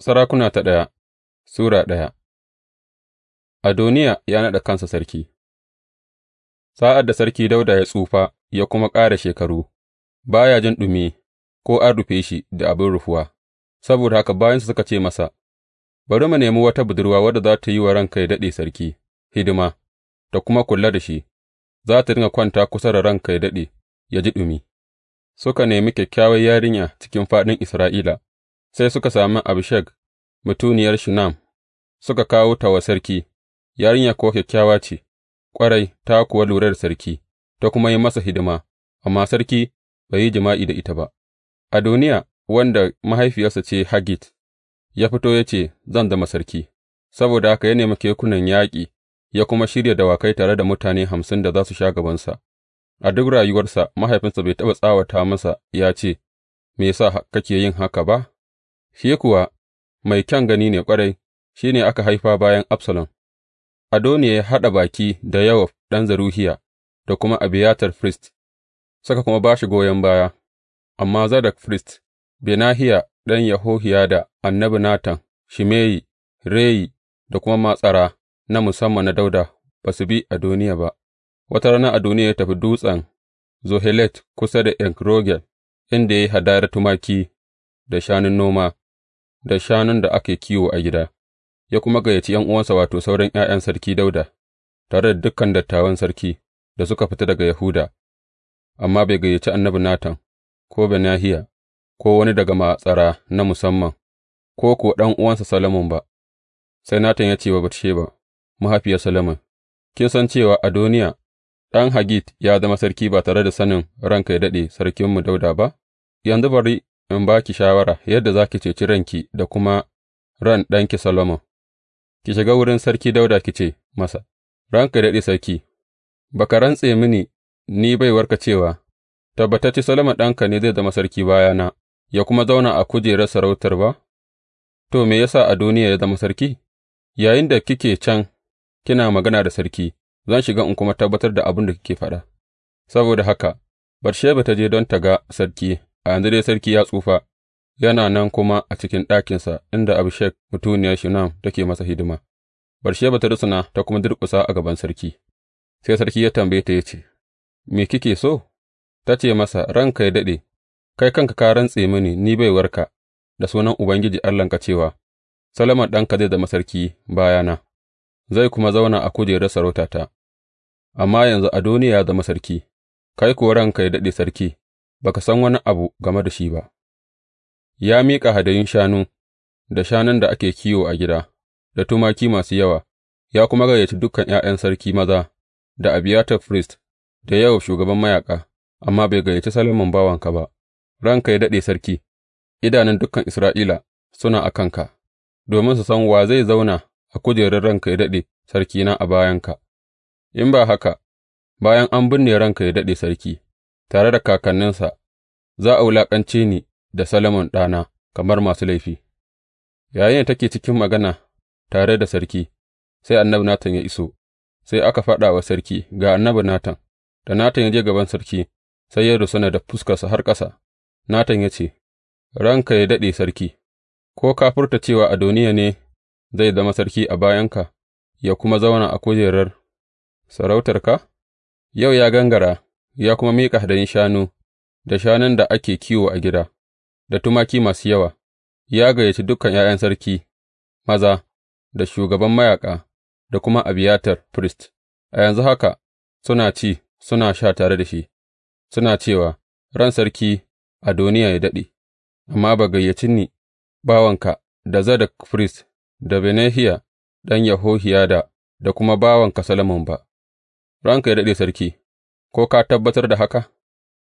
Sarakuna ta ɗaya Sura ɗaya Adoniya ya naɗa kansa sarki Sa'ad da Sarki dauda ya tsufa ya kuma ƙara shekaru, ba ya jin ɗumi ko an rufe shi da abin rufuwa, saboda haka bayansu suka ce masa, Bari mu nemi wata budurwa wadda za ta yi wa ranka ya daɗe sarki hidima, da kuma kula da shi, za ta dinga kwanta kusa da ranka ya daɗe, ya ji ɗumi. Suka nemi kyakkyawar yarinya cikin fāɗin Isra'ila. Sai suka sami Abishag, mutuniyar Shunam, suka kawo ta wa sarki, Yarinya kuwa kyakkyawa ce, ƙwarai, ta kuwa lura da sarki, ta kuma yi masa hidima, amma sarki bai yi jima'i da ita ba. A duniya, wanda mahaifiyarsa ce Haggit, ya fito ya ce, Zan zama sarki, saboda haka ya nemi kekunan yaƙi, ya kuma shirya dawakai tare da mutane hamsin da za su sha gabansa. A duk rayuwarsa mahaifinsa bai taɓa tsawata masa ya ce, Me yasa kake yin haka ba? shi kuwa mai kyan gani ne ƙwarai, shi ne aka haifa bayan Absalom, Adoniya ya haɗa baki da Yowab ɗan zaruhiya, da kuma Abiyatar firist, suka kuma ba shi goyon baya, amma Zadok firist, Benahiya ɗan Yahohiyada, annabi Natan, Shimeyi, Reyi da kuma matsara na musamman na Dauda ba su bi Adoniya ba. Wata rana Adoniya ya tafi dutsen Zohelet kusa da Enkrogel, inda ya yi hadayar tumaki da shanun noma. da shanun da ake kiwo a gida, ya kuma gayyaci ’yan'uwansa wato, sauran ’ya'yan sarki Dauda? tare da dukan dattawan sarki da suka fita daga Yahuda, amma bai gayyaci annabi Natan, ko Benahiya, ko wani daga matsara na musamman, ko kuwa ɗan'uwansa Solomon ba, sai Natan ya ce wa Batsheba, mahaifiyar Solomon, kin san cewa a duniya? ɗan Hagit ya zama sarki ba tare da sanin ranka ya daɗe sarkinmu Dauda ba? Yanzu bari in ba ki shawara yadda za ki ceci ranki da kuma ran ɗanki Solomon, ki shiga wurin Sarki Dauda ki ce masa, Ranka daɗe sarki, ba ka rantse mini ni baiwarka cewa, Tabbatacce Solomon ɗanka ne zai zama sarki bayana, ya kuma zauna a kujerar sarautar ba? To, me yasa duniya ya zama sarki? Yayin da kike can kina magana da sarki, zan shiga in kuma tabbatar da abin da kike faɗa. Saboda haka, Barsheba ta je don ta ga sarki, A yanzu dai sarki ya tsufa, yana nan kuma a cikin ɗakinsa inda Abishag mutuniyar Shunam take masa hidima, Batsheba ta rusuna ta kuma durƙusa a gaban sarki, sai sarki ya tambaye ta ya ce, Me kike so? Ta ce masa, Ranka ya daɗe, kai kanka ka rantse mini ni baiwarka da sunan Ubangiji ka cewa, Salaman ɗanka zai zama sarki bayana, zai kuma zauna a kujerar sarautata, amma yanzu Adoniya ya zama sarki, kai kuwa ranka ya daɗe sarki. ba ka san wani abu game da shi ba, ya miƙa hadayun shanu da shanun da ake kiwo a gida, da tumaki masu yawa, ya kuma gayyaci dukan ’ya'yan sarki maza, da Abiyatar firist, da yawa shugaban mayaƙa, amma bai gayyaci salomon bawanka ba, ranka ya daɗe sarki, idanun dukan Isra'ila suna a kanka, domin su san wa zai zauna a kujerar ranka ya daɗe sarkina a bayanka, in ba haka, bayan an binne ranka ya daɗe sarki. tare da kakanninsa, za a wulaƙance ni da Solomon ɗana kamar masu laifi, da take cikin magana tare da sarki, sai annabi Natan ya iso, sai aka faɗa wa sarki ga annabi Natan, da Natan ya je gaban sarki, sai ya rusuna da fuskarsa har ƙasa, Natan ya ce, Ranka ya daɗe sarki, ko ka furta cewa Adoniya ne zai zama sarki a bayanka, ya kuma zauna a kujerar sarautarka? Yau ya gangara ya kuma miƙa hadayun shanu, da shanun da ake kiwo a gida, da tumaki masu yawa, ya gayyaci dukan ’ya'yan sarki maza, da shugaban mayaƙa, da kuma Abiyatar firist, a yanzu haka suna ci, suna sha tare da shi, suna cewa, Ran sarki a duniya ya daɗe, amma ba gayyaci ni bawanka da Zadok firist, da Benahiya ɗan Yahohiyada, da kuma bawanka Solomon ba, ranka ya daɗe sarki. ko ka tabbatar da haka,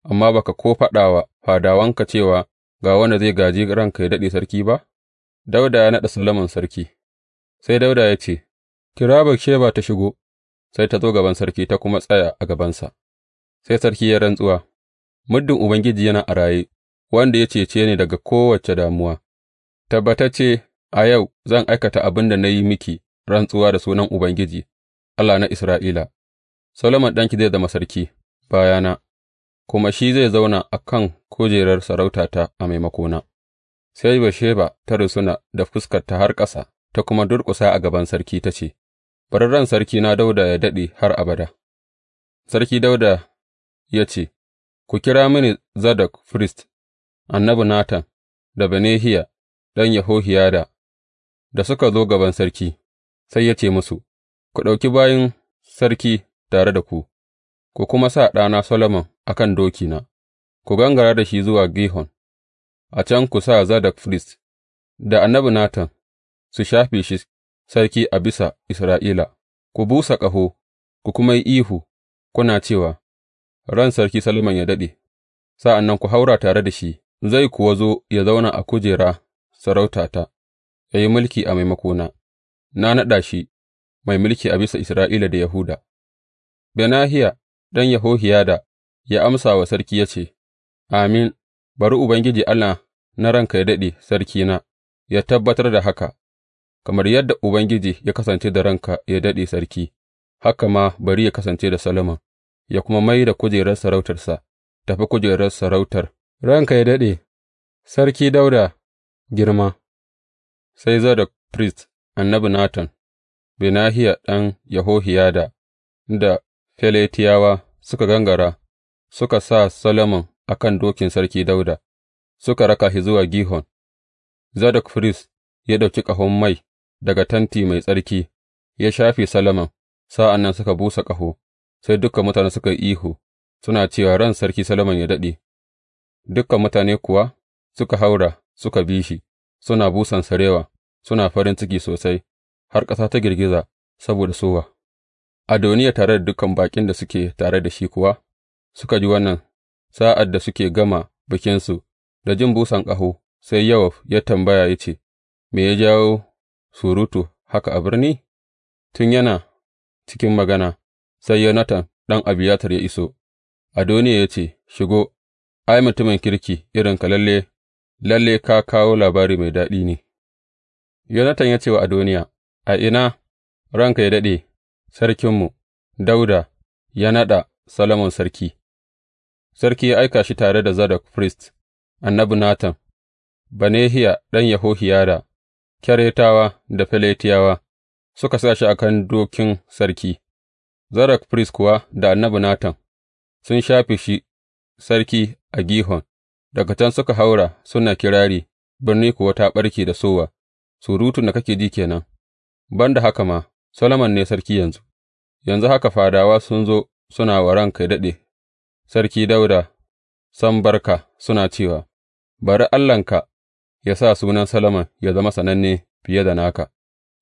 amma ba ka ko faɗa wa fadawanka cewa ga wanda zai gaji ranka ya daɗe sarki ba? Dauda ya naɗa Solomon sarki, sai Dauda ya ce, Kira Sheba ta shigo, sai ta zo gaban sarki ta kuma tsaya a gabansa, sai sarki ya rantsuwa, Muddin Ubangiji yana a raye, wanda ya cece ni daga kowace damuwa, ce a yau zan aikata abin da na yi miki rantsuwa da sunan Ubangiji, Allah na Isra'ila, Solomon ɗanki zai zama sarki. bayana, kuma shi zai zauna a kan kujerar sarautata a maimakona. Sai Basheba ta rusuna da fuskar ta har ƙasa, ta kuma durƙusa a gaban sarki ta ce, Bari sarki na Dauda ya daɗe har abada. Sarki Dauda ya ce, Ku kira mini Zadok firist, annabi Natan, da Benehiya, ɗan Yahohiyada, da suka zo gaban sarki, sai ya ce musu, Ku ɗauki bayan sarki tare da ku, ku kuma sa ɗana Solomon a kan dokina, ku gangara da shi zuwa Gihon, a can ku sa Zadok Frist da annabi Natan su shafe shi sarki a bisa Isra'ila, ku busa ƙaho, ku kuma yi ihu, kuna cewa, Ran sarki Solomon ya daɗe, sa'an nan ku haura tare da shi, zai kuwa zo ya zauna a kujera sarautata, ya yi mulki a maimakona, na naɗa shi mai mulki a bisa Isra'ila da Yahuda. Benahiya ɗan Yehohiyada ya amsa wa sarki ya ce, Amin, bari Ubangiji Allah na ranka ya daɗe, sarkina, ya tabbatar da haka, kamar yadda Ubangiji ya kasance da ranka ya daɗe sarki, haka ma bari ya kasance da Solomon, ya kuma mai da kujerar sarautarsa, tafi kujerar sarautar, ranka ya daɗe, sarki Dauda girma. Sai Zadok priest, annabi Natan, Benahiya ɗan Yehohiyada da Feletiyawa suka gangara suka sa Solomon a kan dokin Sarki Dawuda, suka raka shi zuwa Gihon, Zadok firist ya ɗauki ƙahon mai daga tanti mai tsarki, ya shafe Solomon, sa'an nan suka busa ƙaho, sai dukan mutane suka yi ihu, suna cewa ran Sarki Solomon ya daɗe, dukan mutane kuwa suka haura suka bi shi, suna busan sarewa, suna farin ciki sosai, har ƙasa ta girgiza saboda sowa. Adoniya tare da dukan baƙin da suke tare da shi kuwa suka ji wannan sa'ad da suke gama bikinsu, da jin busan ƙaho, sai Yowab ya tambaya ya ce, Me ya jawo surutu haka a birni? Tun yana cikin magana, sai Yonatan ɗan Abiyatar ya iso, Adoniya ya ce, Shigo, ai, mutumin kirki irin ka lalle, lalle ka kawo labari mai daɗi ne. Yonatan ya ce wa Adoniya, A ina ranka ya daɗe, sarkinmu, Dauda ya naɗa Solomon sarki, sarki ya aika shi tare da Zadok firist, annabi Natan, banehiya ɗan yahohiya da. Keretawa da Feletiyawa suka sa shi a kan dokin sarki, Zadok firist kuwa da annabi Natan sun shafi shi sarki a Gihon, daga can suka haura suna kirari, birni kuwa ta ɓarke da sowa, surutun na kake ji kenan. ban da haka ma. Solomon ne sarki yanzu, yanzu haka fadawa sun zo suna wa ranka daɗe, Sarki Dauda, san barka suna cewa, Bari Allahnka ya sa sunan Solomon ya zama sananne fiye da naka,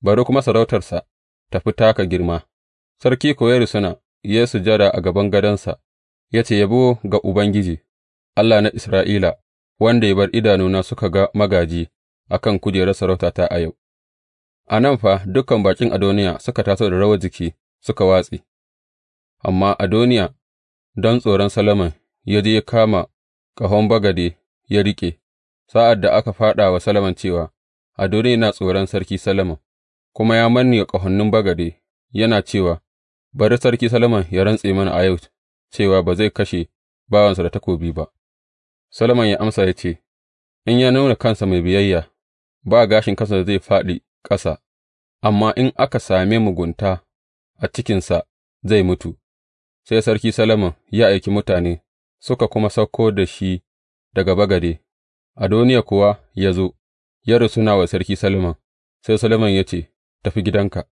bari kuma sarautarsa ta fi taka girma. Sarki ko ya ya sujada a gaban gadonsa, ya ce, Yabo ga Ubangiji, Allah na Isra'ila, wanda ya bar idanuna suka ga Magaji a kan kujerar sarautata a yau. A nan fa dukan baƙin Adoniya suka taso da rawar jiki suka watse, amma Adoniya don tsoron Solomon ya je ya kama ƙahon bagade ya riƙe, sa'ad da aka faɗa wa Solomon cewa, Adoniya yana tsoron Sarki Solomon, kuma ya manne ƙahonin bagade, yana cewa, Bari Sarki Solomon ya rantse mana a yau cewa ba zai kashe bawansa da takobi ba. Solomon ya amsa ya ce, In ya nuna kansa mai biyayya, ba gashin kansa zai faɗi ƙasa, amma in aka same mugunta a cikinsa zai mutu, sai Sarki Solomon ya aiki mutane suka kuma sauko da shi daga bagade, Adoniya kuwa ya zo, ya rusuna wa Sarki Solomon, sai Solomon ya ce, Tafi gidanka.